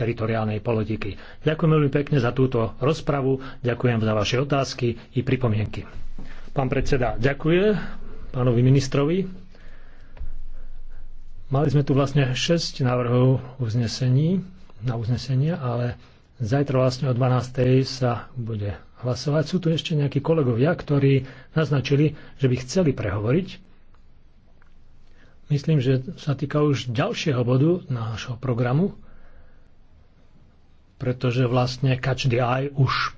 teritoriálnej politiky. Ďakujem veľmi pekne za túto rozpravu, ďakujem za vaše otázky i pripomienky. Pán predseda, ďakujem pánovi ministrovi. Mali sme tu vlastne 6 návrhov uznesení, na uznesenie, ale zajtra vlastne o 12.00 sa bude hlasovať. Sú tu ešte nejakí kolegovia, ktorí naznačili, že by chceli prehovoriť. Myslím, že sa týka už ďalšieho bodu nášho programu pretože vlastne každý aj už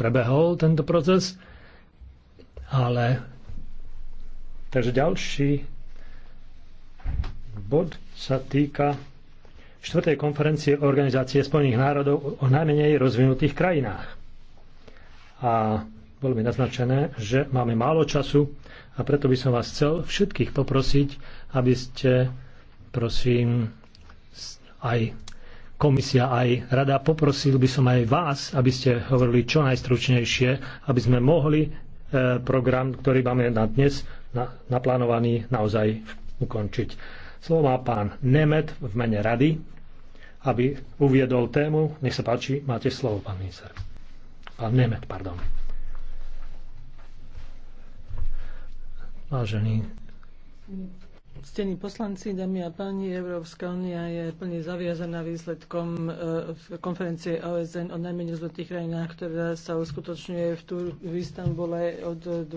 prebehol tento proces, ale takže ďalší bod sa týka 4. konferencie Organizácie Spojených národov o najmenej rozvinutých krajinách. A bolo mi naznačené, že máme málo času a preto by som vás chcel všetkých poprosiť, aby ste, prosím, aj komisia aj rada, poprosil by som aj vás, aby ste hovorili čo najstručnejšie, aby sme mohli e, program, ktorý máme na dnes na, naplánovaný, naozaj ukončiť. Slovo má pán Nemet v mene rady, aby uviedol tému. Nech sa páči, máte slovo, pán minister. Pán Nemet, pardon. Vážený Ctení poslanci, dámy a páni, Európska únia je plne zaviazaná výsledkom e, konferencie OSN o najmenej zlatých krajinách, ktorá sa uskutočňuje v, Tur- v Istambule od 9.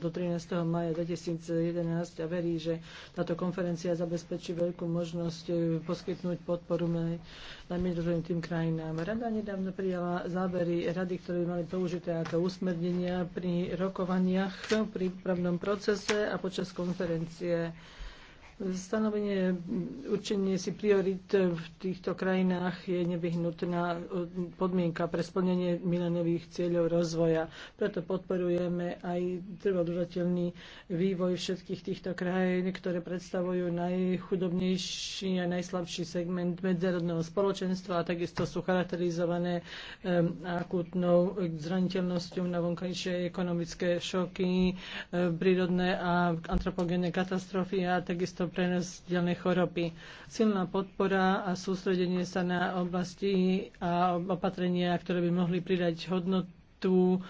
do 13. maja 2011 a verí, že táto konferencia zabezpečí veľkú možnosť e, poskytnúť podporu najmenej zlatým krajinám. Rada nedávno prijala závery rady, ktoré mali použité ako usmernenia pri rokovaniach, pri právnom procese a počas konferencie Stanovenie, určenie si priorit v týchto krajinách je nevyhnutná podmienka pre splnenie milenových cieľov rozvoja. Preto podporujeme aj trvodržateľný vývoj všetkých týchto krajín, ktoré predstavujú najchudobnejší a najslabší segment medzerodného spoločenstva a takisto sú charakterizované akutnou zraniteľnosťou na vonkajšie ekonomické šoky, prírodné a antropogénne katastrofy a takisto prenositeľné choroby. Silná podpora a sústredenie sa na oblasti a opatrenia, ktoré by mohli pridať hodnotu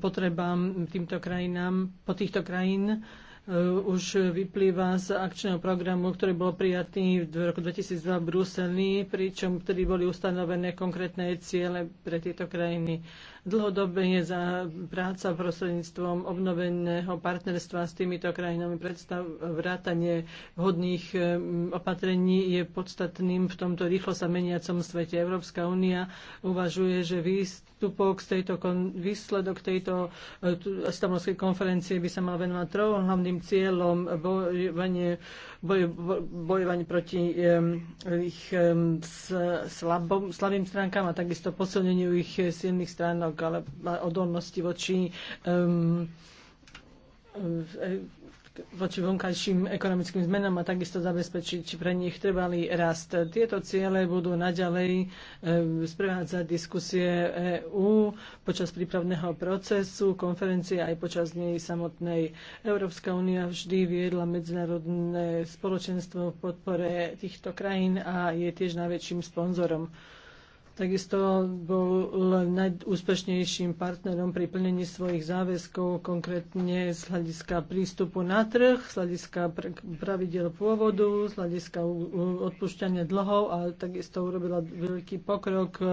potrebám týmto krajinám, po týchto krajín, e, už vyplýva z akčného programu, ktorý bol prijatý v roku 2002 v Bruseli, pričom vtedy boli ustanovené konkrétne ciele pre tieto krajiny dlhodobie za práca prostredníctvom obnoveného partnerstva s týmito krajinami predstav vrátanie vhodných mm, opatrení je podstatným v tomto rýchlo sa meniacom svete. Európska únia uvažuje, že výstupok z tejto, výsledok tejto e, stavnovskej konferencie by sa mal venovať trom hlavným cieľom bojovanie, boj, bojovanie proti ich slabom, slabým stránkam a takisto posilneniu ich silných stránok ale má odolnosti voči um, voči vonkajším ekonomickým zmenám a takisto zabezpečiť pre nich trvalý rast. Tieto ciele budú naďalej sprevádzať diskusie EÚ počas prípravného procesu, konferencie aj počas nej samotnej. Európska únia vždy viedla medzinárodné spoločenstvo v podpore týchto krajín a je tiež najväčším sponzorom. Takisto bol najúspešnejším partnerom pri plnení svojich záväzkov, konkrétne z hľadiska prístupu na trh, z hľadiska pravidel pôvodu, z hľadiska odpúšťania dlhov a takisto urobila veľký pokrok e,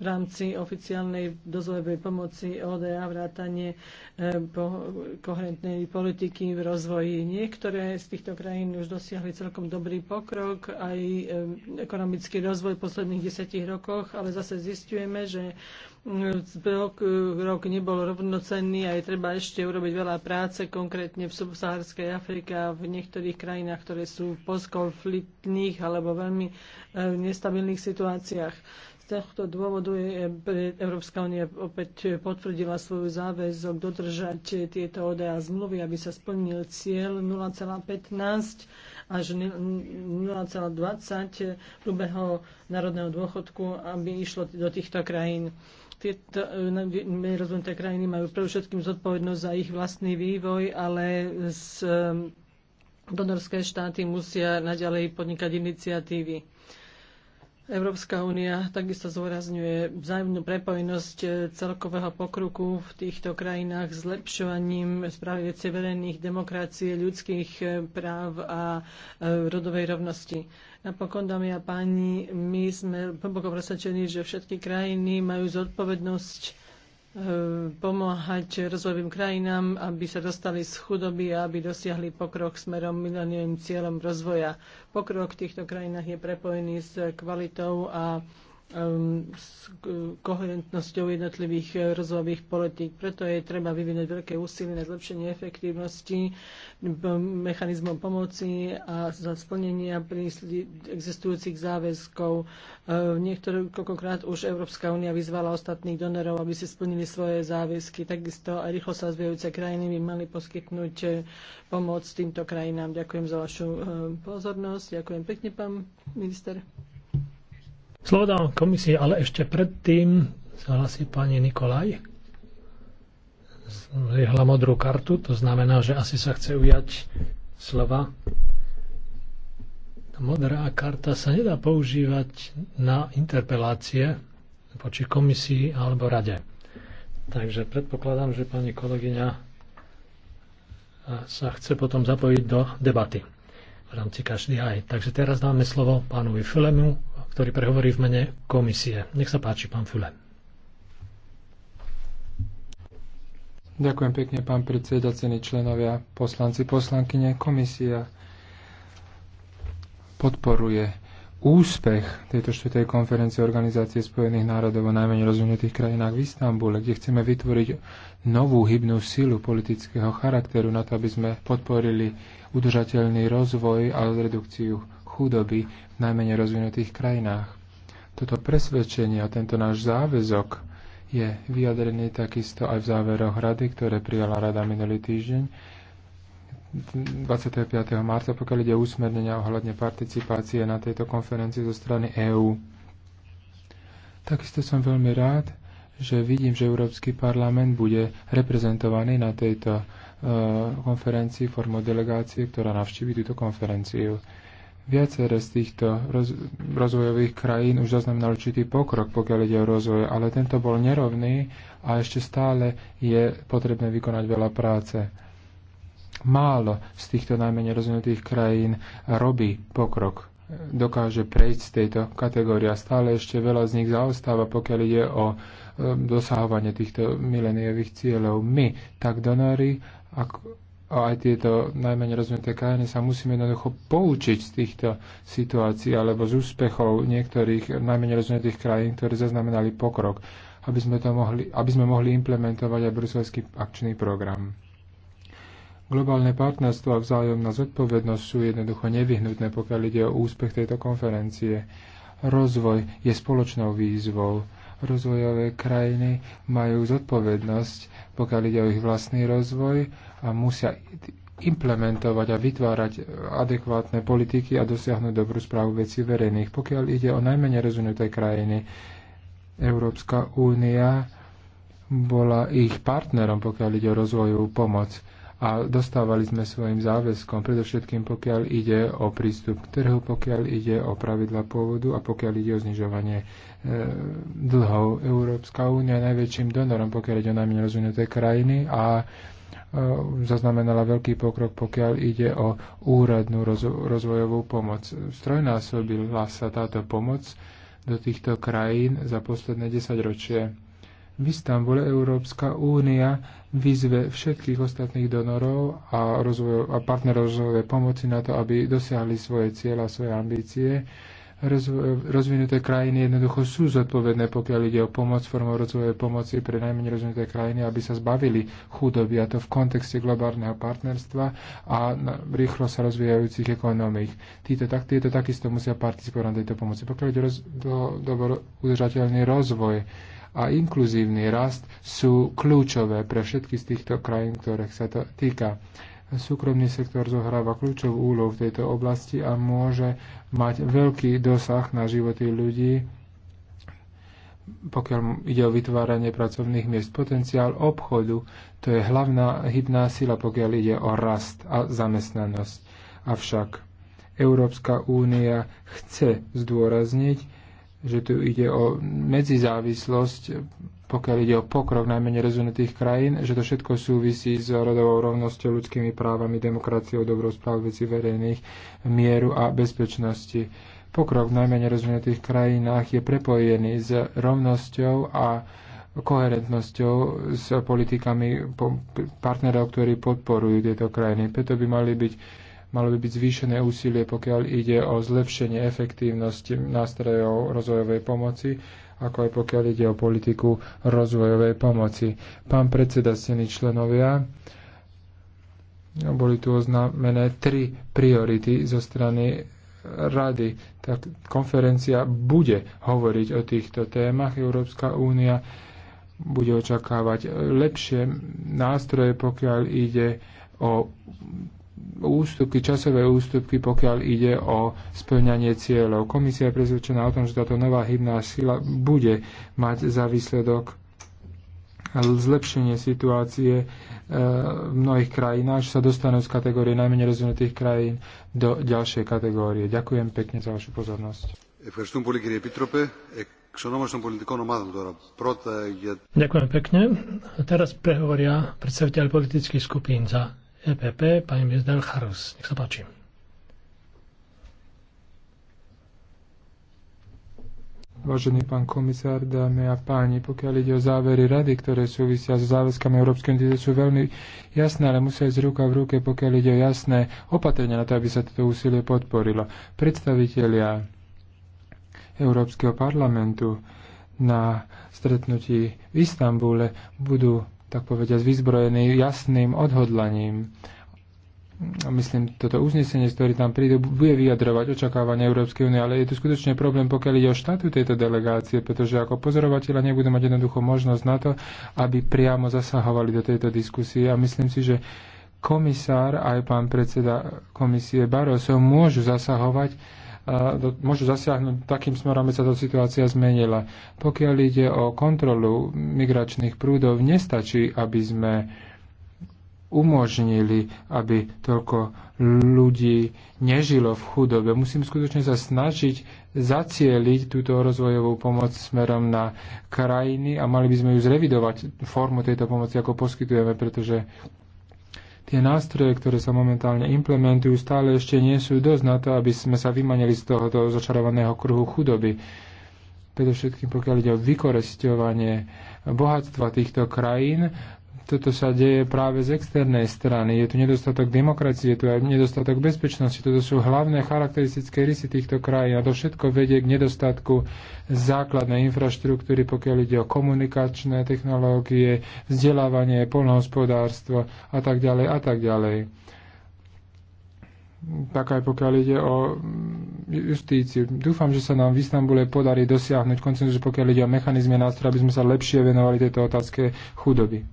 v rámci oficiálnej dozorovej pomoci ODA vrátanie e, po koherentnej politiky v rozvoji. Niektoré z týchto krajín už dosiahli celkom dobrý pokrok, aj e, ekonomický rozvoj v posledných desetich rokoch ale zase zistujeme, že mm, rok, rok nebol rovnocenný a je treba ešte urobiť veľa práce, konkrétne v subsaharskej Afrike a v niektorých krajinách, ktoré sú v postkonfliktných alebo veľmi eh, nestabilných situáciách. Z tohto dôvodu je eh, Európska únia opäť potvrdila svoju záväzok dodržať tieto ODA zmluvy, aby sa splnil cieľ 0,15 až 0,20 hrubého národného dôchodku, aby išlo do týchto krajín tieto rozvinuté krajiny majú pre všetkým zodpovednosť za ich vlastný vývoj, ale z, um, donorské štáty musia naďalej podnikať iniciatívy. Európska únia takisto zdôrazňuje vzájomnú prepojenosť e, celkového pokruku v týchto krajinách zlepšovaním správy spravujúcej verejných demokracie, ľudských e, práv a e, rodovej rovnosti. Napokon, dámy a páni, my sme hlboko presvedčení, že všetky krajiny majú zodpovednosť Eh, pomáhať rozvojovým krajinám, aby sa dostali z chudoby a aby dosiahli pokrok smerom milenovým cieľom rozvoja. Pokrok v týchto krajinách je prepojený s kvalitou a Um, s koherentnosťou jednotlivých eh, rozvojových politík. Preto je treba vyvinúť veľké úsilie na zlepšenie efektívnosti mechanizmom pomoci a za splnenia existujúcich záväzkov. Eh, Niektorýkrát už Európska únia vyzvala ostatných donorov, aby si splnili svoje záväzky. Takisto aj rýchlo sa zviejúce krajiny by mali poskytnúť eh, pomoc týmto krajinám. Ďakujem za vašu pozornosť. Ďakujem pekne, pán minister. Slovo dám komisii, ale ešte predtým sa hlasí pani Nikolaj. Zvihla modrú kartu, to znamená, že asi sa chce ujať slova. Modrá karta sa nedá používať na interpelácie voči komisii alebo rade. Takže predpokladám, že pani kolegyňa sa chce potom zapojiť do debaty v rámci každý aj. Takže teraz dáme slovo pánovi Filemu, ktorý prehovorí v mene komisie. Nech sa páči, pán Fule. Ďakujem pekne, pán predseda, cení členovia, poslanci, poslankyne. Komisia podporuje úspech tejto štvrtej konferencie Organizácie spojených národov o najmenej rozvinutých krajinách v Istambule, kde chceme vytvoriť novú hybnú silu politického charakteru na to, aby sme podporili udržateľný rozvoj a redukciu chudoby v najmenej rozvinutých krajinách. Toto presvedčenie a tento náš záväzok je vyjadrený takisto aj v záveroch rady, ktoré prijala rada minulý týždeň 25. marca, pokiaľ ide o usmernenia ohľadne participácie na tejto konferencii zo strany EÚ. Takisto som veľmi rád, že vidím, že Európsky parlament bude reprezentovaný na tejto e, konferencii formou delegácie, ktorá navštíví túto konferenciu. Viaceré z týchto roz, rozvojových krajín už zaznamenal určitý pokrok, pokiaľ ide o rozvoj, ale tento bol nerovný a ešte stále je potrebné vykonať veľa práce. Málo z týchto najmenej rozvinutých krajín robí pokrok, dokáže prejsť z tejto kategórie a stále ešte veľa z nich zaostáva, pokiaľ ide o e, dosahovanie týchto mileniových cieľov. My, tak donory, ako a aj tieto najmenej rozvinuté krajiny sa musíme jednoducho poučiť z týchto situácií alebo z úspechov niektorých najmenej rozvinutých krajín, ktoré zaznamenali pokrok, aby sme, to mohli, aby sme mohli implementovať aj bruselský akčný program. Globálne partnerstvo a vzájomná zodpovednosť sú jednoducho nevyhnutné, pokiaľ ide o úspech tejto konferencie. Rozvoj je spoločnou výzvou rozvojové krajiny majú zodpovednosť, pokiaľ ide o ich vlastný rozvoj a musia implementovať a vytvárať adekvátne politiky a dosiahnuť dobrú správu vecí verejných. Pokiaľ ide o najmenej rozvinuté krajiny, Európska únia bola ich partnerom, pokiaľ ide o rozvojovú pomoc a dostávali sme svojim záväzkom, predovšetkým pokiaľ ide o prístup k trhu, pokiaľ ide o pravidla pôvodu a pokiaľ ide o znižovanie E, dlhov. Európska únia je najväčším donorom, pokiaľ ide o najmenej rozvinuté krajiny a e, zaznamenala veľký pokrok, pokiaľ ide o úradnú rozvojovú pomoc. Strojnásobila sa táto pomoc do týchto krajín za posledné desaťročie. V Istambule Európska únia vyzve všetkých ostatných donorov a, rozvoj, a partnerov rozvojovej pomoci na to, aby dosiahli svoje cieľa, svoje ambície rozvinuté krajiny jednoducho sú zodpovedné, pokiaľ ide o pomoc formou rozvojovej pomoci pre najmenej rozvinuté krajiny, aby sa zbavili chudoby, a to v kontexte globálneho partnerstva a rýchlo sa rozvíjajúcich ekonomík. Títo, tak, títo takisto musia participovať na tejto pomoci. Pokiaľ ide o roz, do, do, udržateľný rozvoj, a inkluzívny rast sú kľúčové pre všetky z týchto krajín, ktorých sa to týka súkromný sektor zohráva kľúčovú úlohu v tejto oblasti a môže mať veľký dosah na životy ľudí, pokiaľ ide o vytváranie pracovných miest. Potenciál obchodu to je hlavná hybná sila, pokiaľ ide o rast a zamestnanosť. Avšak Európska únia chce zdôrazniť, že tu ide o medzizávislosť pokiaľ ide o pokrok najmenej rozvinutých krajín, že to všetko súvisí s rodovou rovnosťou, ľudskými právami, demokraciou, dobrou správou veci verejných, mieru a bezpečnosti. Pokrok v najmenej rozvinutých krajinách je prepojený s rovnosťou a koherentnosťou s politikami partnerov, ktorí podporujú tieto krajiny. Preto by mali byť malo by byť zvýšené úsilie, pokiaľ ide o zlepšenie efektívnosti nástrojov rozvojovej pomoci ako aj pokiaľ ide o politiku rozvojovej pomoci. Pán predseda, stení členovia, boli tu oznámené tri priority zo strany rady. Tak konferencia bude hovoriť o týchto témach. Európska únia bude očakávať lepšie nástroje, pokiaľ ide o ústupky, časové ústupky, pokiaľ ide o splňanie cieľov. Komisia je presvedčená o tom, že táto nová hybná sila bude mať za výsledok zlepšenie situácie e, v mnohých krajinách, že sa dostanú z kategórie najmenej rozvinutých krajín do ďalšej kategórie. Ďakujem pekne za vašu pozornosť. Ďakujem pekne. Teraz prehovoria predstaviteľ politických skupín za EPP, pani Mizdel Charus. Nech sa páči. Vážený pán komisár, dámy a páni, pokiaľ ide o závery rady, ktoré súvisia so záväzkami Európskej únie, sú veľmi jasné, ale musia ísť ruka v ruke, pokiaľ ide o jasné opatrenia na to, aby sa toto úsilie podporilo. Predstavitelia Európskeho parlamentu na stretnutí v Istambule budú tak povediať, vyzbrojený jasným odhodlaním. Myslím, toto uznesenie, z ktoré tam príde, bude vyjadrovať očakávanie Európskej únie, ale je tu skutočne problém, pokiaľ ide o štátu tejto delegácie, pretože ako pozorovateľa nebudú mať jednoducho možnosť na to, aby priamo zasahovali do tejto diskusie a myslím si, že komisár aj pán predseda komisie Barroso môžu zasahovať do, môžu zasiahnuť takým smerom, aby sa to situácia zmenila. Pokiaľ ide o kontrolu migračných prúdov, nestačí, aby sme umožnili, aby toľko ľudí nežilo v chudobe. Musím skutočne sa snažiť zacieliť túto rozvojovú pomoc smerom na krajiny a mali by sme ju zrevidovať formu tejto pomoci, ako poskytujeme, pretože tie nástroje, ktoré sa momentálne implementujú, stále ešte nie sú dosť na to, aby sme sa vymanili z tohoto začarovaného kruhu chudoby. Predovšetkým pokiaľ ide o vykoresťovanie bohatstva týchto krajín, toto sa deje práve z externej strany. Je tu nedostatok demokracie, je tu aj nedostatok bezpečnosti. Toto sú hlavné charakteristické rysy týchto krajín a to všetko vedie k nedostatku základnej infraštruktúry, pokiaľ ide o komunikačné technológie, vzdelávanie, polnohospodárstvo a tak ďalej a tak ďalej. Tak aj pokiaľ ide o justíciu. Dúfam, že sa nám v Istambule podarí dosiahnuť koncenzus, pokiaľ ide o mechanizmy nástroja, aby sme sa lepšie venovali tejto otázke chudoby.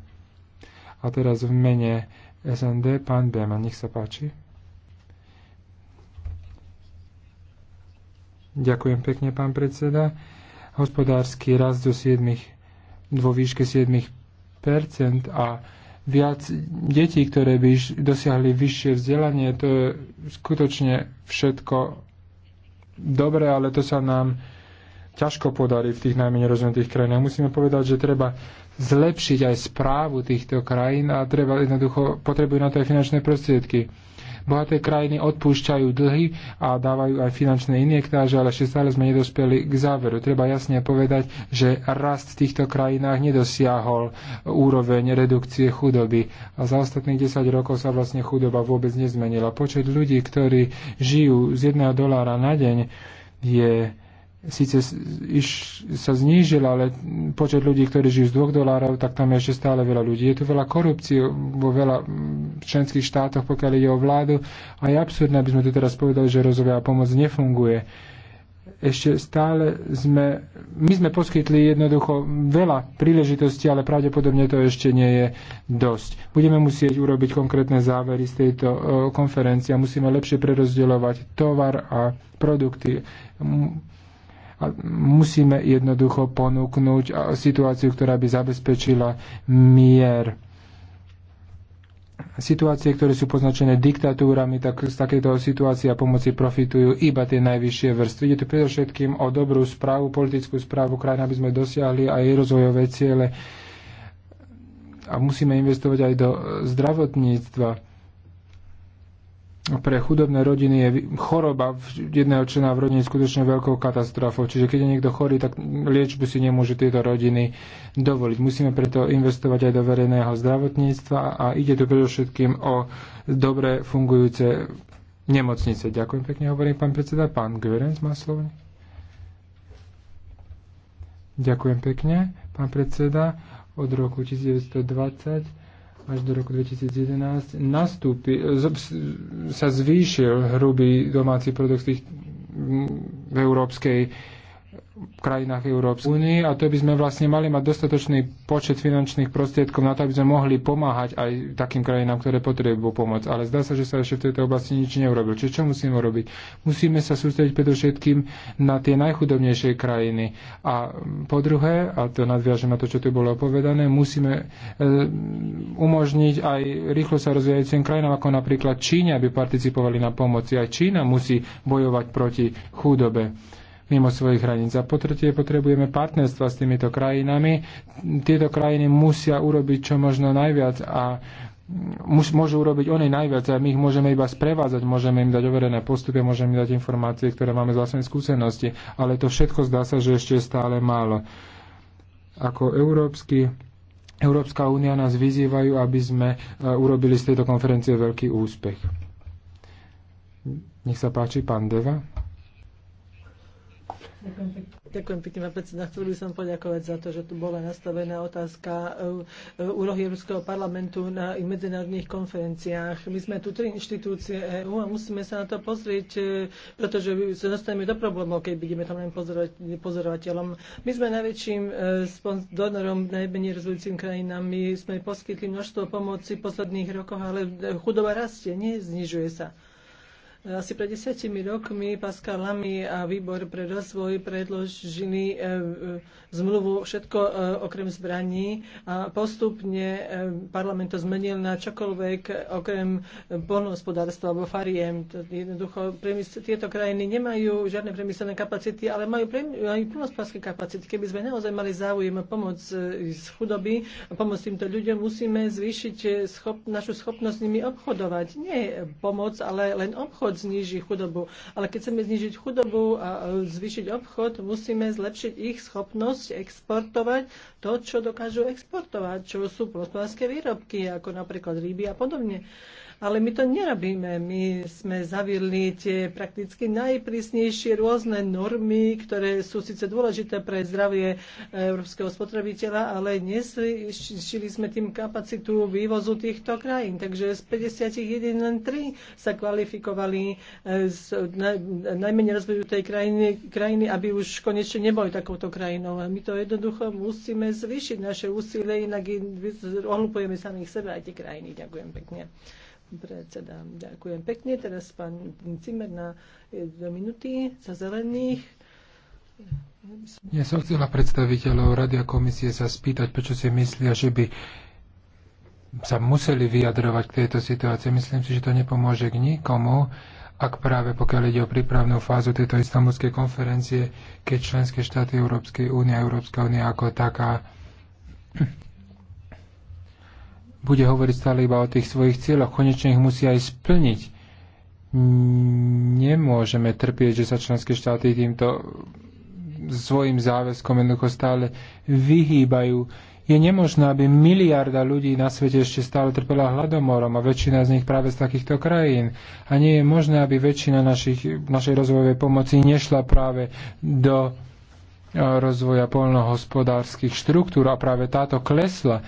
A teraz v mene SND pán bema, nech sa páči. Ďakujem pekne, pán predseda. Hospodársky rast do 7, vo výške 7 a viac detí, ktoré by dosiahli vyššie vzdelanie, to je skutočne všetko dobre, ale to sa nám ťažko podarí v tých najmenej rozvinutých krajinách. Musíme povedať, že treba zlepšiť aj správu týchto krajín a treba jednoducho, potrebujú na to aj finančné prostriedky. Bohaté krajiny odpúšťajú dlhy a dávajú aj finančné injektáže, ale ešte stále sme nedospeli k záveru. Treba jasne povedať, že rast v týchto krajinách nedosiahol úroveň redukcie chudoby. A za ostatných 10 rokov sa vlastne chudoba vôbec nezmenila. Počet ľudí, ktorí žijú z jedného dolára na deň, je síce iš, sa znížil, ale počet ľudí, ktorí žijú z 2 dolárov, tak tam je ešte stále veľa ľudí. Je tu veľa korupcie vo veľa členských štátoch, pokiaľ ide o vládu. A je absurdné, aby sme tu teraz povedali, že rozvojová pomoc nefunguje. Ešte stále sme, my sme poskytli jednoducho veľa príležitostí, ale pravdepodobne to ešte nie je dosť. Budeme musieť urobiť konkrétne závery z tejto e, konferencie a musíme lepšie prerozdeľovať tovar a produkty a musíme jednoducho ponúknuť situáciu, ktorá by zabezpečila mier situácie, ktoré sú poznačené diktatúrami, tak z takéto situácie a pomoci profitujú iba tie najvyššie vrstvy. Ide tu predovšetkým o dobrú správu, politickú správu krajiny, aby sme dosiahli aj rozvojové ciele. A musíme investovať aj do zdravotníctva pre chudobné rodiny je choroba jedného člena v rodine skutočne veľkou katastrofou. Čiže keď je niekto chorý, tak liečbu si nemôžu tieto rodiny dovoliť. Musíme preto investovať aj do verejného zdravotníctva a ide tu predovšetkým o dobre fungujúce nemocnice. Ďakujem pekne, hovorím pán predseda. Pán Görenc má slovo. Ďakujem pekne, pán predseda. Od roku 1920 až do roku 2011 nastúpi, sa zvýšil hrubý domáci produkt v Európskej krajinách Európskej únie a to by sme vlastne mali mať dostatočný počet finančných prostriedkov na to, aby sme mohli pomáhať aj takým krajinám, ktoré potrebujú pomoc. Ale zdá sa, že sa ešte v tejto oblasti nič neurobil. Čiže čo musíme robiť? Musíme sa sústrediť predovšetkým na tie najchudobnejšie krajiny. A po druhé, a to nadviažem na to, čo tu bolo povedané, musíme e, umožniť aj rýchlo sa rozvíjajúcim krajinám, ako napríklad Číne, aby participovali na pomoci. Aj Čína musí bojovať proti chudobe mimo svojich hraníc. A po tretie, potrebujeme partnerstva s týmito krajinami. Tieto krajiny musia urobiť čo možno najviac a môžu urobiť oni najviac a my ich môžeme iba sprevádzať, môžeme im dať overené postupy, môžeme im dať informácie, ktoré máme z vlastnej skúsenosti, ale to všetko zdá sa, že ešte je stále málo. Ako európsky Európska únia nás vyzývajú, aby sme e, urobili z tejto konferencie veľký úspech. Nech sa páči, pán Deva. Ďakujem pekne. pán predseda. Chcel by som poďakovať za to, že tu bola nastavená otázka e, e, úlohy Európskeho parlamentu na medzinárodných konferenciách. My sme tu tri inštitúcie EÚ a musíme sa na to pozrieť, e, pretože sa dostaneme do problémov, keď budeme tam len pozorovateľom. My sme najväčším donorom najmenej rozvojúcim krajinám. My sme poskytli množstvo pomoci v posledných rokoch, ale chudoba rastie, neznižuje sa. Asi pred desiatimi rokmi Pascal Lamy a výbor pre rozvoj predložili e, zmluvu všetko e, okrem zbraní a postupne e, parlament to zmenil na čokoľvek okrem polnohospodárstva alebo fariem. Jednoducho tieto krajiny nemajú žiadne priemyselné kapacity, ale majú, aj plnohospodárske kapacity. Keby sme naozaj mali záujem a pomoc z chudoby a pomoc týmto ľuďom, musíme zvýšiť schop, našu schopnosť s nimi obchodovať. Nie pomoc, ale len obchod obchod zniží chudobu. Ale keď chceme znižiť chudobu a zvýšiť obchod, musíme zlepšiť ich schopnosť exportovať to, čo dokážu exportovať, čo sú plotmárske výrobky, ako napríklad ryby a podobne ale my to nerobíme. My sme zaviedli tie prakticky najprísnejšie rôzne normy, ktoré sú síce dôležité pre zdravie e, európskeho spotrebiteľa, ale neslišili sme tým kapacitu vývozu týchto krajín. Takže z 51 len 3 sa kvalifikovali e, z najmenej rozvinutej krajiny, krajiny, aby už konečne neboli takouto krajinou. A my to jednoducho musíme zvýšiť naše úsilie, inak ohlupujeme samých sebe aj tie krajiny. Ďakujem pekne predseda. Ďakujem pekne. Teraz pán Cimer na dve minúty za zelených. Ja som chcela predstaviteľov Rady a komisie sa spýtať, prečo si myslia, že by sa museli vyjadrovať k tejto situácii. Myslím si, že to nepomôže k nikomu, ak práve pokiaľ ide o prípravnú fázu tejto istambulskej konferencie, keď členské štáty Európskej únie a Európska únia ako taká bude hovoriť stále iba o tých svojich cieľoch. Konečne ich musí aj splniť. Nemôžeme trpieť, že sa členské štáty týmto svojim záväzkom jednoducho stále vyhýbajú. Je nemožné, aby miliarda ľudí na svete ešte stále trpela hladomorom a väčšina z nich práve z takýchto krajín. A nie je možné, aby väčšina našich, našej rozvojovej pomoci nešla práve do e, rozvoja polnohospodárskych štruktúr a práve táto klesla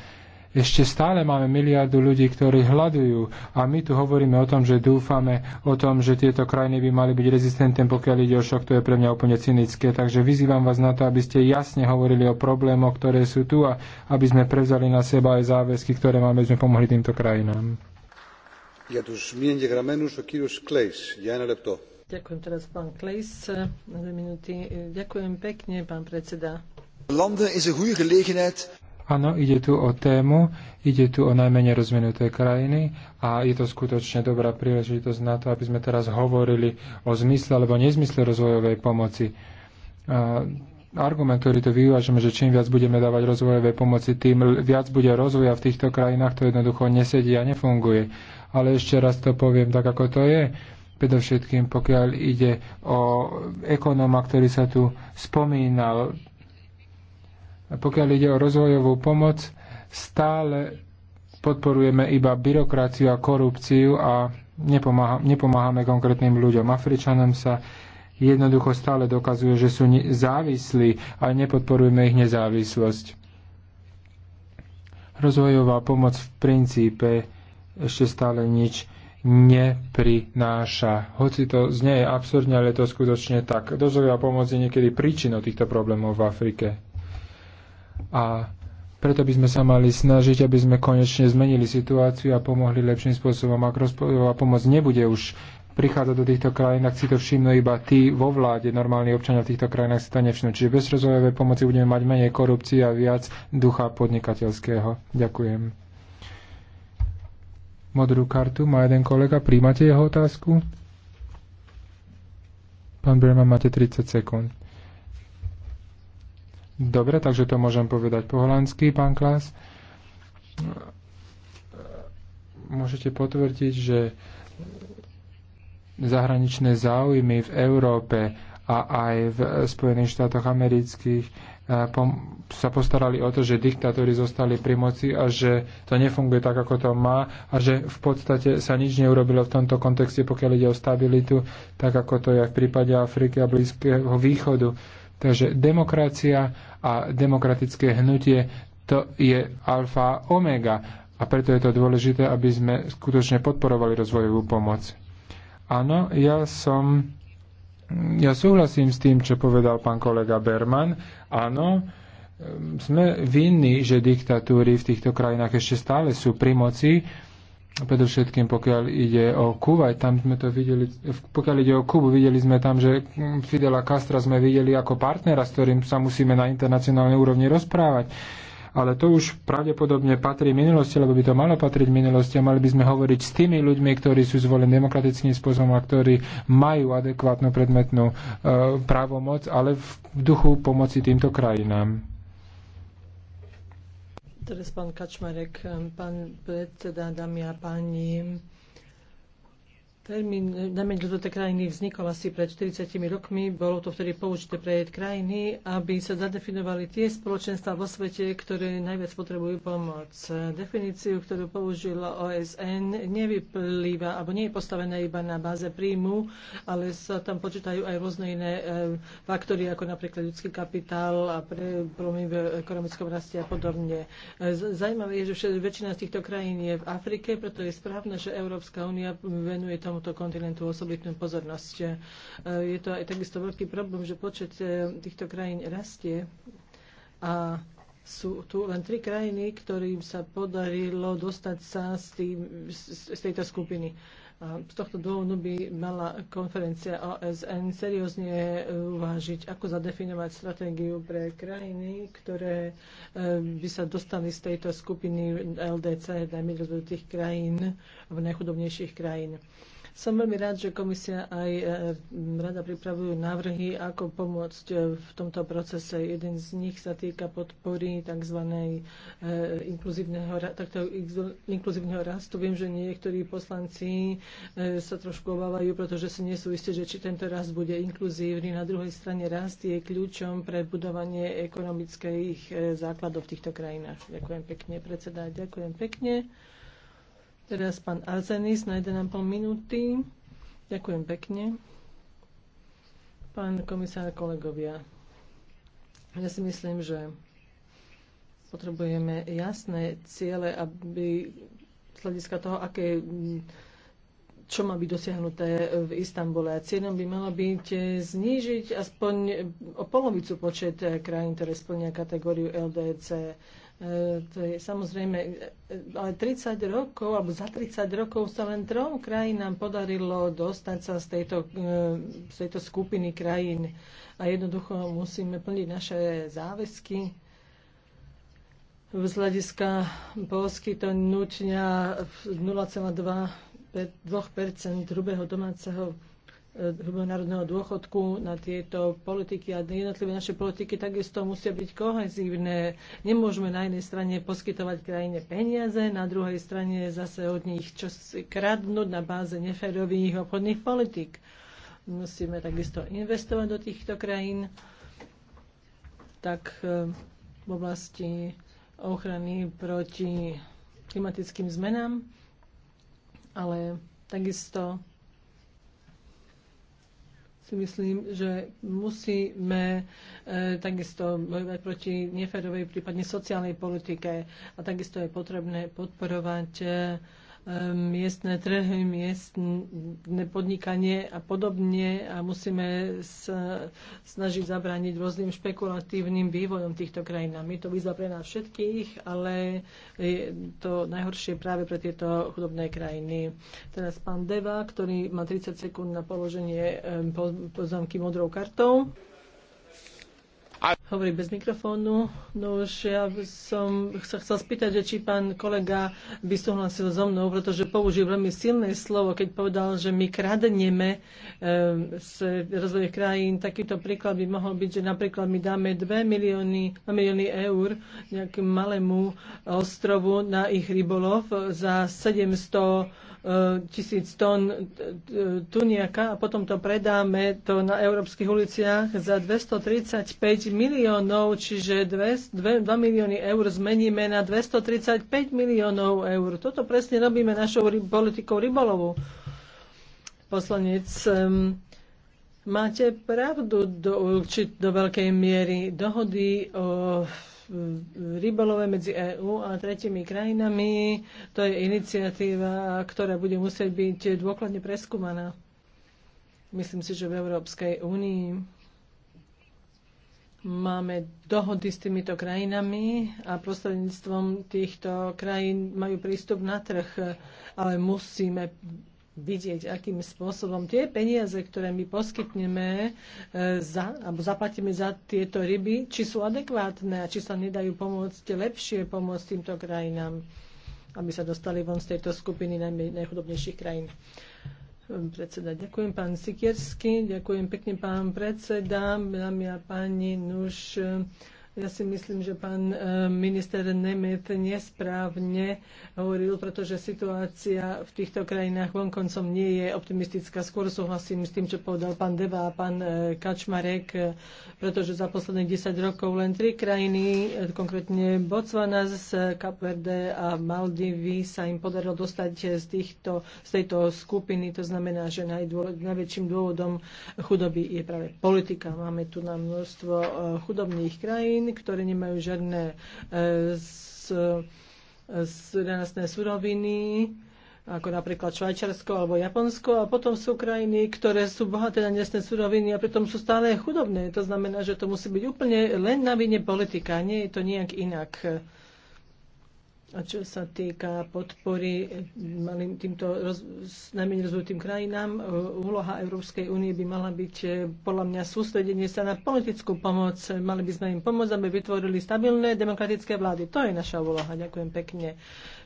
ešte stále máme miliardu ľudí, ktorí hľadujú a my tu hovoríme o tom, že dúfame o tom, že tieto krajiny by mali byť rezistentné, pokiaľ ide o šok, to je pre mňa úplne cynické. Takže vyzývam vás na to, aby ste jasne hovorili o problémoch, ktoré sú tu a aby sme prevzali na seba aj záväzky, ktoré máme, aby sme pomohli týmto krajinám. Ďakujem teraz pán Klejs. Dve minúty. Ďakujem pekne, pán predseda. Landen is een goede gelegenheid Áno, ide tu o tému, ide tu o najmenej rozvinuté krajiny a je to skutočne dobrá príležitosť na to, aby sme teraz hovorili o zmysle alebo nezmysle rozvojovej pomoci. A argument, ktorý to vyvážeme, že čím viac budeme dávať rozvojové pomoci, tým viac bude rozvoja v týchto krajinách, to jednoducho nesedí a nefunguje. Ale ešte raz to poviem tak, ako to je predovšetkým pokiaľ ide o ekonóma, ktorý sa tu spomínal, pokiaľ ide o rozvojovú pomoc, stále podporujeme iba byrokraciu a korupciu a nepomáha, nepomáhame konkrétnym ľuďom. Afričanom sa jednoducho stále dokazuje, že sú závislí a nepodporujeme ich nezávislosť. Rozvojová pomoc v princípe ešte stále nič neprináša. Hoci to znie je absurdne, ale je to skutočne tak. Rozvojová pomoc je niekedy príčinou týchto problémov v Afrike. A preto by sme sa mali snažiť, aby sme konečne zmenili situáciu a pomohli lepším spôsobom. Ak rozpojová pomoc nebude už prichádzať do týchto krajín, ak si to všimnú iba tí vo vláde, normálni občania v týchto krajinách si to nevšimnú. Čiže bez rozvojovej pomoci budeme mať menej korupcie a viac ducha podnikateľského. Ďakujem. Modrú kartu má jeden kolega. Príjmate jeho otázku? Pán Brema, máte 30 sekúnd. Dobre, takže to môžem povedať po holandsky, pán Klas. Môžete potvrdiť, že zahraničné záujmy v Európe a aj v Spojených štátoch amerických eh, sa postarali o to, že diktátori zostali pri moci a že to nefunguje tak, ako to má a že v podstate sa nič neurobilo v tomto kontexte, pokiaľ ide o stabilitu, tak ako to je v prípade Afriky a Blízkeho východu Takže demokracia a demokratické hnutie to je alfa omega a preto je to dôležité, aby sme skutočne podporovali rozvojovú pomoc. Áno, ja som ja súhlasím s tým, čo povedal pán kolega Berman. Áno, ehm, sme vinní, že diktatúry v týchto krajinách ešte stále sú pri moci Predovšetkým pokiaľ ide o Kuwait, tam sme to videli, pokiaľ ide o Kubu, videli sme tam, že mm, Fidela Castra sme videli ako partnera, s ktorým sa musíme na internacionálnej úrovni rozprávať ale to už pravdepodobne patrí minulosti, lebo by to malo patriť minulosti a mali by sme hovoriť s tými ľuďmi, ktorí sú zvolení demokratickým spôsobom a ktorí majú adekvátnu predmetnú e, právomoc, ale v duchu pomoci týmto krajinám. Teraz pán Kačmarek, pán predseda, dámy a páni, Termín najmenej do krajiny vznikol asi pred 40 rokmi. Bolo to vtedy použité pre krajiny, aby sa zadefinovali tie spoločenstva vo svete, ktoré najviac potrebujú pomoc. Definíciu, ktorú použila OSN, nevyplýva, alebo nie je postavená iba na báze príjmu, ale sa tam počítajú aj rôzne iné e, faktory, ako napríklad ľudský kapitál a pre v ekonomickom raste a podobne. E, Zajímavé je, že väčšina z týchto krajín je v Afrike, preto je správne, že Európska únia venuje tomu tomuto kontinentu osobitnú pozornosť. E, je to aj takisto veľký problém, že počet e, týchto krajín rastie a sú tu len tri krajiny, ktorým sa podarilo dostať sa z, tým, z tejto skupiny. A z tohto dôvodu by mala konferencia OSN seriózne e, uvážiť, ako zadefinovať stratégiu pre krajiny, ktoré by sa dostali z tejto skupiny LDC, najmä do tých krajín, v najchudobnejších krajín. Som veľmi rád, že komisia aj e, rada pripravujú návrhy, ako pomôcť e, v tomto procese. Jeden z nich sa týka podpory tzv. E, inkluzívneho, takto inkluzívneho rastu. Viem, že niektorí poslanci sa trošku obávajú, pretože si nie sú isté, že či tento rast bude inkluzívny. Na druhej strane rast je kľúčom pre budovanie ekonomických základov v týchto krajinách. Ďakujem pekne, predseda. Ďakujem pekne. Teraz pán Arzenis na 1,5 minúty. Ďakujem pekne. Pán komisár, kolegovia, ja si myslím, že potrebujeme jasné ciele, aby z hľadiska toho, aké čo má byť dosiahnuté v Istambule. A cieľom by malo byť znížiť aspoň o polovicu počet eh, krajín, ktoré splnia kategóriu LDC. E, to je samozrejme, e, ale 30 rokov, alebo za 30 rokov sa len trom krajinám podarilo dostať sa z tejto, e, z tejto skupiny krajín. A jednoducho musíme plniť naše záväzky. Z hľadiska Polsky to nutňa 0,2% hrubého domáceho E, národného dôchodku na tieto politiky a jednotlivé naše politiky takisto musia byť kohezívne. Nemôžeme na jednej strane poskytovať krajine peniaze, na druhej strane zase od nich čo kradnúť na báze neférových obchodných politik. Musíme takisto investovať do týchto krajín tak e, v oblasti ochrany proti klimatickým zmenám, ale takisto si myslím, že musíme e, takisto bojovať proti neférovej prípadne sociálnej politike a takisto je potrebné podporovať e, miestne trhy, miestne podnikanie a podobne a musíme sa snažiť zabrániť rôznym špekulatívnym vývojom týchto krajín. My to vyzva pre nás všetkých, ale je to najhoršie práve pre tieto chudobné krajiny. Teraz pán Deva, ktorý má 30 sekúnd na položenie poznámky modrou kartou. Hovorí bez mikrofónu. No už ja som sa chcel spýtať, že či pán kolega by súhlasil so mnou, pretože použil veľmi silné slovo, keď povedal, že my kradneme ehm, z rozvojových krajín. Takýto príklad by mohol byť, že napríklad my dáme 2 milióny, 2 milióny eur nejakému malému ostrovu na ich rybolov za 700 E, tisíc tón e, e, tuniaka a potom to predáme to na európskych uliciach za 235 miliónov, čiže 2, milióny eur zmeníme na 235 miliónov eur. Toto presne robíme našou politikou rybolovou. Poslanec Máte pravdu do, do veľkej miery. Dohody o rybolove medzi EÚ a tretimi krajinami. To je iniciatíva, ktorá bude musieť byť dôkladne preskúmaná. Myslím si, že v Európskej únii máme dohody s týmito krajinami a prostredníctvom týchto krajín majú prístup na trh, ale musíme vidieť, akým spôsobom tie peniaze, ktoré my poskytneme e, za, alebo zaplatíme za tieto ryby, či sú adekvátne a či sa nedajú pomôcť lepšie pomôcť týmto krajinám, aby sa dostali von z tejto skupiny najmä najchudobnejších krajín. Predseda, ďakujem pán Sikiersky, ďakujem pekne pán predseda, dámy a páni, nuž ja si myslím, že pán e, minister Nemet nesprávne hovoril, pretože situácia v týchto krajinách vonkoncom nie je optimistická. Skôr súhlasím s tým, čo povedal pán Deva a pán e, Kačmarek, e, pretože za posledných 10 rokov len tri krajiny, konkrétne Botswana, z Kapverde a Maldivy, sa im podarilo dostať z, týchto, z tejto skupiny. To znamená, že najväčším dôvodom chudoby je práve politika. Máme tu na množstvo chudobných krajín, potravín, ktoré nemajú žiadne renostné e, e, suroviny, ako napríklad Švajčarsko alebo Japonsko a potom sú krajiny, ktoré sú bohaté na nesné suroviny a pritom sú stále chudobné. To znamená, že to musí byť úplne len na vine politika, nie je to nejak inak. A čo sa týka podpory malým týmto roz, najmenej rozvojitým krajinám, e, úloha Európskej únie by mala byť e, podľa mňa sústredenie sa na politickú pomoc. Mali by sme im pomôcť, aby vytvorili stabilné demokratické vlády. To je naša úloha. Ďakujem pekne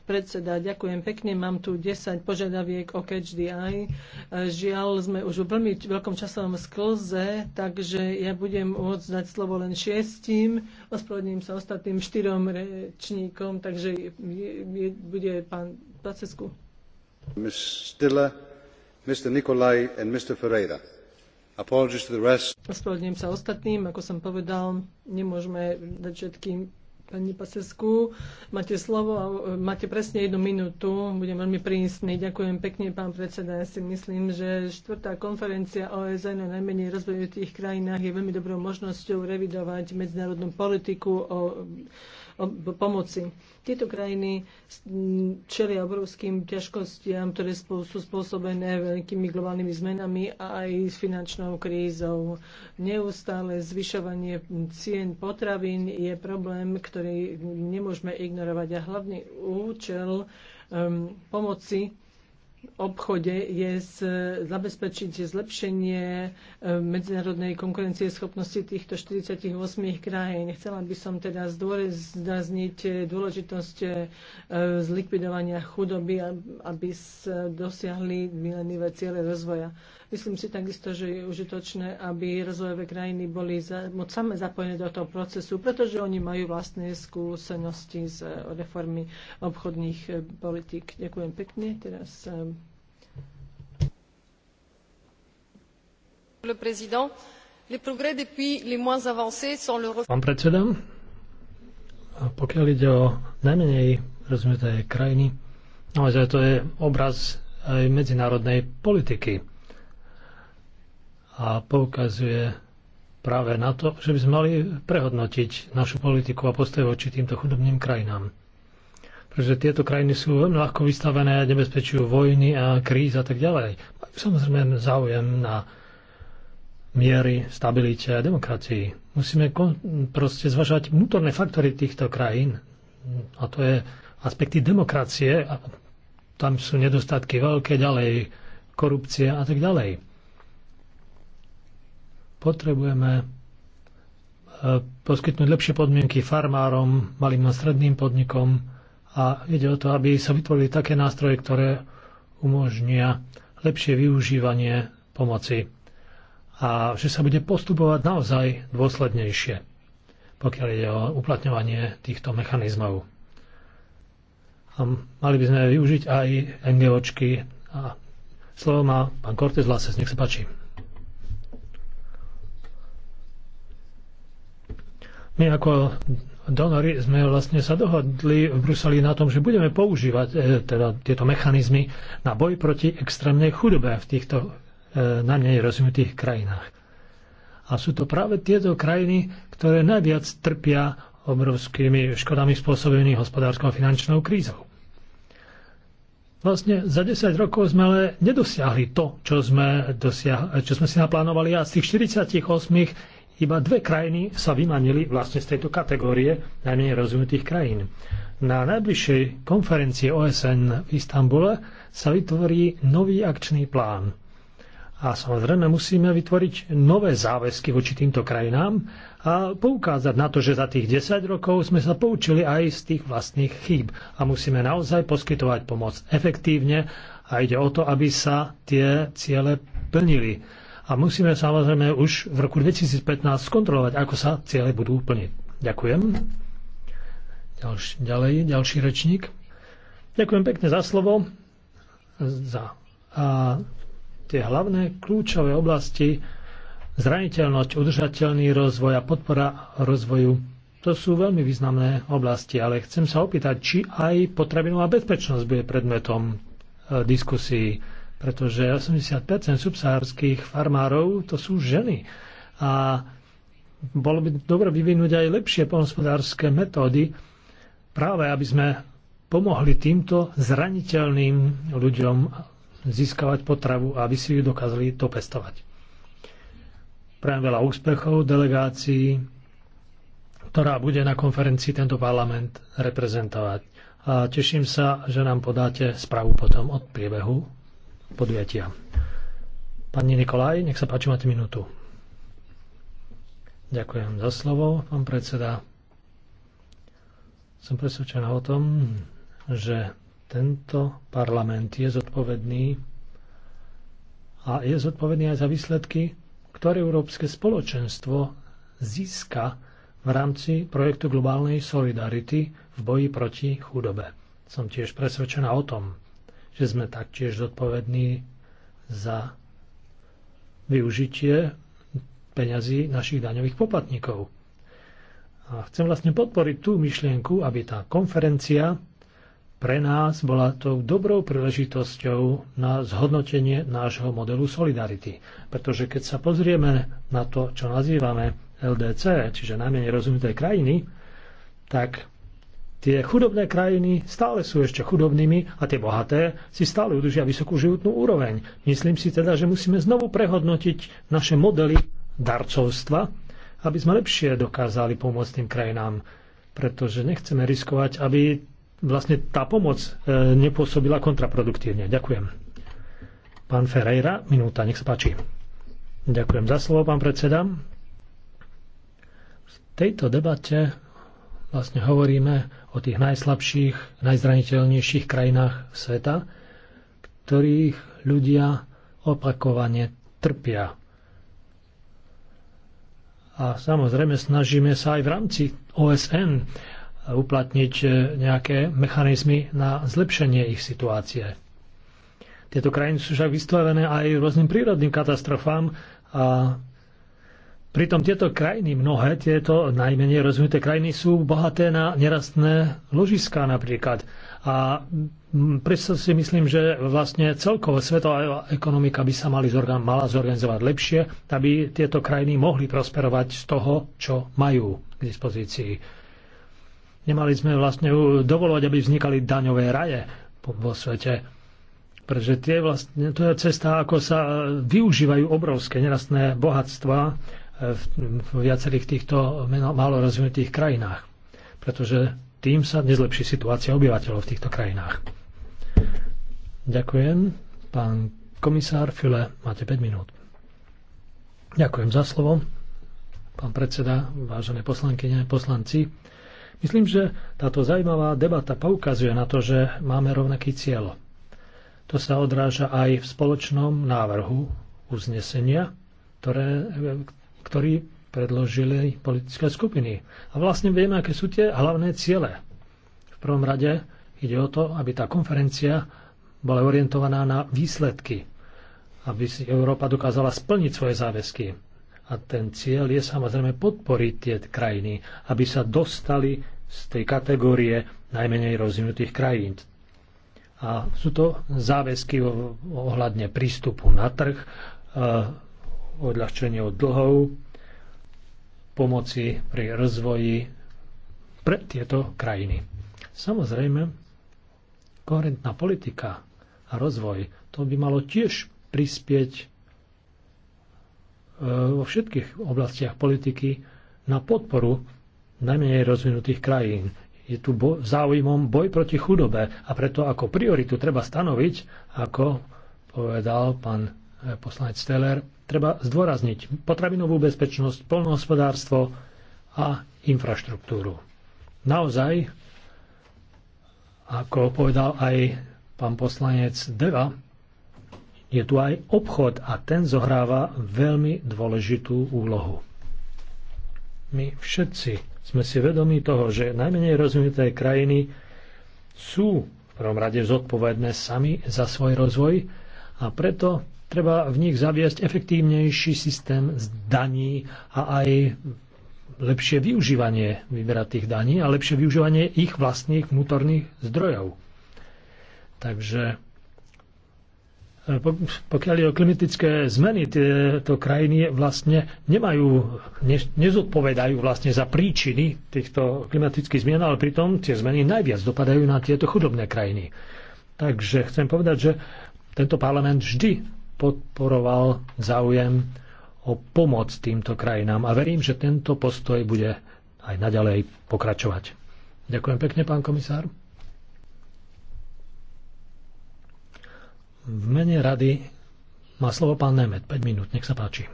predseda, ďakujem pekne. Mám tu 10 požiadaviek o Catch the Eye. Žiaľ, sme už v veľmi veľkom časovom sklze, takže ja budem môcť dať slovo len šiestim. Ospravedlním sa ostatným štyrom rečníkom, takže je, je, bude pán Placesku. Ms. Stiller, Mr. Nikolaj and Mr. Ferreira. Apologies to the rest. Ospravedlním sa ostatným, ako som povedal, nemôžeme dať všetkým Pani Pasesku, máte slovo a e, máte presne jednu minútu. Budem veľmi prísny. Ďakujem pekne, pán predseda. Ja si myslím, že štvrtá konferencia OSN o najmenej rozvojových krajinách je veľmi dobrou možnosťou revidovať medzinárodnú politiku o pomoci. Tieto krajiny čelia obrovským ťažkostiam, ktoré sú spôsobené veľkými globálnymi zmenami a aj s finančnou krízou. Neustále zvyšovanie cien potravín je problém, ktorý nemôžeme ignorovať a hlavný účel um, pomoci obchode je z, zabezpečiť zlepšenie e, medzinárodnej konkurencie schopnosti týchto 48 krajín. Chcela by som teda zdôrazniť dôležitosť e, zlikvidovania chudoby, aby dosiahli milenivé ciele rozvoja. Myslím si takisto, že je užitočné, aby rozvojové krajiny boli za, moc same zapojené do toho procesu, pretože oni majú vlastné skúsenosti z eh, reformy obchodných eh, politík. Ďakujem pekne. Teraz eh, le président les progrès depuis les moins avancés sont le Pán predseda, pokiaľ ide o najmenej rozvinuté krajiny, naozaj to je obraz aj medzinárodnej politiky a poukazuje práve na to, že by sme mali prehodnotiť našu politiku a postoj voči týmto chudobným krajinám. Pretože tieto krajiny sú veľmi ľahko vystavené a nebezpečiu vojny a kríz a tak ďalej. Majú samozrejme záujem na miery, stabilite a demokracii. Musíme proste zvažovať vnútorné faktory týchto krajín. A to je aspekty demokracie. A tam sú nedostatky veľké, ďalej korupcie a tak ďalej. Potrebujeme e, poskytnúť lepšie podmienky farmárom, malým a stredným podnikom a ide o to, aby sa vytvorili také nástroje, ktoré umožnia lepšie využívanie pomoci a že sa bude postupovať naozaj dôslednejšie, pokiaľ ide o uplatňovanie týchto mechanizmov. A mali by sme využiť aj NGOčky. A slovo má pán Cortez Lases, nech sa páči. My ako donory sme vlastne sa dohodli v Bruseli na tom, že budeme používať e, teda tieto mechanizmy na boj proti extrémnej chudobe v týchto e, na nej rozvinutých krajinách. A sú to práve tieto krajiny, ktoré najviac trpia obrovskými škodami spôsobenými hospodárskou a finančnou krízou. Vlastne za 10 rokov sme ale nedosiahli to, čo sme, dosiah- čo sme si naplánovali a z tých 48 iba dve krajiny sa vymanili vlastne z tejto kategórie najmenej rozvinutých krajín. Na najbližšej konferencie OSN v Istambule sa vytvorí nový akčný plán. A samozrejme musíme vytvoriť nové záväzky voči týmto krajinám a poukázať na to, že za tých 10 rokov sme sa poučili aj z tých vlastných chýb a musíme naozaj poskytovať pomoc efektívne a ide o to, aby sa tie ciele plnili a musíme samozrejme už v roku 2015 skontrolovať, ako sa ciele budú plniť. Ďakujem. Ďalš, ďalej, ďalší rečník. Ďakujem pekne za slovo. Za a tie hlavné kľúčové oblasti zraniteľnosť, udržateľný rozvoj a podpora rozvoju. To sú veľmi významné oblasti, ale chcem sa opýtať, či aj potravinová bezpečnosť bude predmetom e, diskusii pretože 80% subsahárských farmárov to sú ženy. A bolo by dobre vyvinúť aj lepšie polnospodárske metódy, práve aby sme pomohli týmto zraniteľným ľuďom získavať potravu, aby si ju dokázali to pestovať. Prajem veľa úspechov delegácii, ktorá bude na konferencii tento parlament reprezentovať. A teším sa, že nám podáte správu potom od priebehu podujatia. Pani Nikolaj, nech sa páči, máte minútu. Ďakujem za slovo, pán predseda. Som presvedčená o tom, že tento parlament je zodpovedný a je zodpovedný aj za výsledky, ktoré Európske spoločenstvo získa v rámci projektu globálnej solidarity v boji proti chudobe. Som tiež presvedčená o tom, že sme taktiež zodpovední za využitie peňazí našich daňových poplatníkov. A chcem vlastne podporiť tú myšlienku, aby tá konferencia pre nás bola tou dobrou príležitosťou na zhodnotenie nášho modelu solidarity. Pretože keď sa pozrieme na to, čo nazývame LDC, čiže najmenej rozumité krajiny, tak Tie chudobné krajiny stále sú ešte chudobnými a tie bohaté si stále udržia vysokú životnú úroveň. Myslím si teda, že musíme znovu prehodnotiť naše modely darcovstva, aby sme lepšie dokázali pomôcť tým krajinám, pretože nechceme riskovať, aby vlastne tá pomoc e, nepôsobila kontraproduktívne. Ďakujem. Pán Ferreira, minúta, nech sa páči. Ďakujem za slovo, pán predseda. V tejto debate vlastne hovoríme o tých najslabších, najzraniteľnejších krajinách sveta, ktorých ľudia opakovane trpia. A samozrejme snažíme sa aj v rámci OSN uplatniť e, nejaké mechanizmy na zlepšenie ich situácie. Tieto krajiny sú však vystavené aj rôznym prírodným katastrofám a Pritom tieto krajiny, mnohé tieto najmenej rozvinuté krajiny sú bohaté na nerastné ložiská napríklad. A preto si myslím, že vlastne celková svetová ekonomika by sa mali zorgan- mala zorganizovať lepšie, aby tieto krajiny mohli prosperovať z toho, čo majú k dispozícii. Nemali sme vlastne dovolovať, aby vznikali daňové raje vo svete, pretože tie vlastne, to je cesta, ako sa využívajú obrovské nerastné bohatstva v viacerých týchto málo rozvinutých krajinách, pretože tým sa nezlepší situácia obyvateľov v týchto krajinách. Ďakujem. Pán komisár File, máte 5 minút. Ďakujem za slovo. Pán predseda, vážené poslankyne, poslanci, myslím, že táto zaujímavá debata poukazuje na to, že máme rovnaký cieľ. To sa odráža aj v spoločnom návrhu uznesenia, ktoré, ktorý predložili politické skupiny. A vlastne vieme, aké sú tie hlavné ciele. V prvom rade ide o to, aby tá konferencia bola orientovaná na výsledky, aby si Európa dokázala splniť svoje záväzky. A ten cieľ je samozrejme podporiť tie krajiny, aby sa dostali z tej kategórie najmenej rozvinutých krajín. A sú to záväzky ohľadne prístupu na trh, e, odľahčenie od dlhov, pomoci pri rozvoji pre tieto krajiny. Samozrejme, koherentná politika a rozvoj, to by malo tiež prispieť e, vo všetkých oblastiach politiky na podporu najmenej rozvinutých krajín. Je tu bo- záujmom boj proti chudobe a preto ako prioritu treba stanoviť, ako povedal pán E, poslanec Steller, treba zdôrazniť potravinovú bezpečnosť, polnohospodárstvo a infraštruktúru. Naozaj, ako povedal aj pán poslanec Deva, je tu aj obchod a ten zohráva veľmi dôležitú úlohu. My všetci sme si vedomi toho, že najmenej rozvinuté krajiny sú v prvom rade zodpovedné sami za svoj rozvoj a preto treba v nich zaviesť efektívnejší systém daní a aj lepšie využívanie vyberatých daní a lepšie využívanie ich vlastných vnútorných zdrojov. Takže e, pokiaľ je o klimatické zmeny, tieto krajiny vlastne nemajú, ne, nezodpovedajú vlastne za príčiny týchto klimatických zmien, ale pritom tie zmeny najviac dopadajú na tieto chudobné krajiny. Takže chcem povedať, že tento parlament vždy podporoval záujem o pomoc týmto krajinám a verím, že tento postoj bude aj naďalej pokračovať. Ďakujem pekne, pán komisár. V mene rady má slovo pán Nemet. 5 minút, nech sa páči.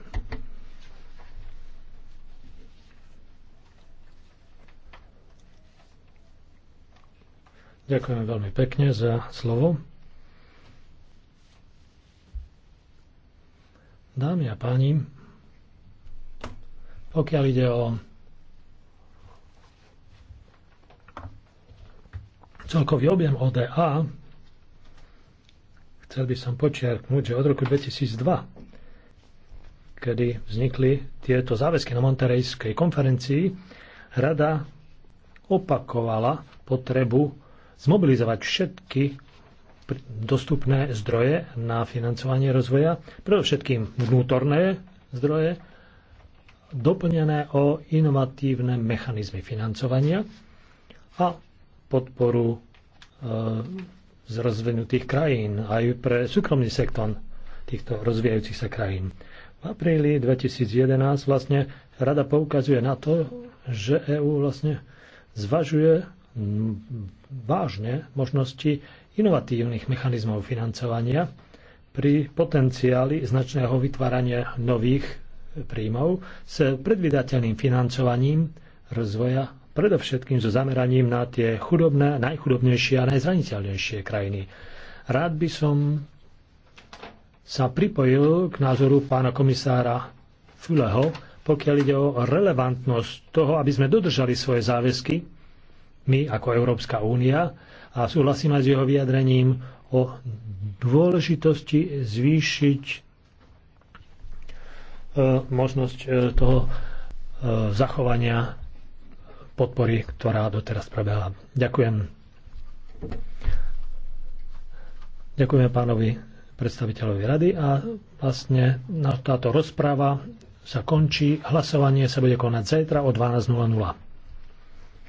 Ďakujem veľmi pekne za slovo. Dámy a páni, pokiaľ ide o celkový objem ODA, chcel by som počiarknúť, že od roku 2002, kedy vznikli tieto záväzky na Monterejskej konferencii, Rada opakovala potrebu zmobilizovať všetky dostupné zdroje na financovanie rozvoja, predovšetkým vnútorné zdroje, doplnené o inovatívne mechanizmy financovania a podporu e, z rozvinutých krajín aj pre súkromný sektor týchto rozvíjajúcich sa krajín. V apríli 2011 vlastne rada poukazuje na to, že EÚ vlastne zvažuje vážne možnosti inovatívnych mechanizmov financovania pri potenciáli značného vytvárania nových príjmov s predvydateľným financovaním rozvoja, predovšetkým so zameraním na tie chudobné, najchudobnejšie a najzraniteľnejšie krajiny. Rád by som sa pripojil k názoru pána komisára Fuleho, pokiaľ ide o relevantnosť toho, aby sme dodržali svoje záväzky, my ako Európska únia, a súhlasím aj s jeho vyjadrením o dôležitosti zvýšiť e, možnosť e, toho e, zachovania podpory, ktorá doteraz prebehla. Ďakujem. Ďakujeme pánovi predstaviteľovi rady a vlastne táto rozpráva sa končí. Hlasovanie sa bude konať zajtra o 12.00.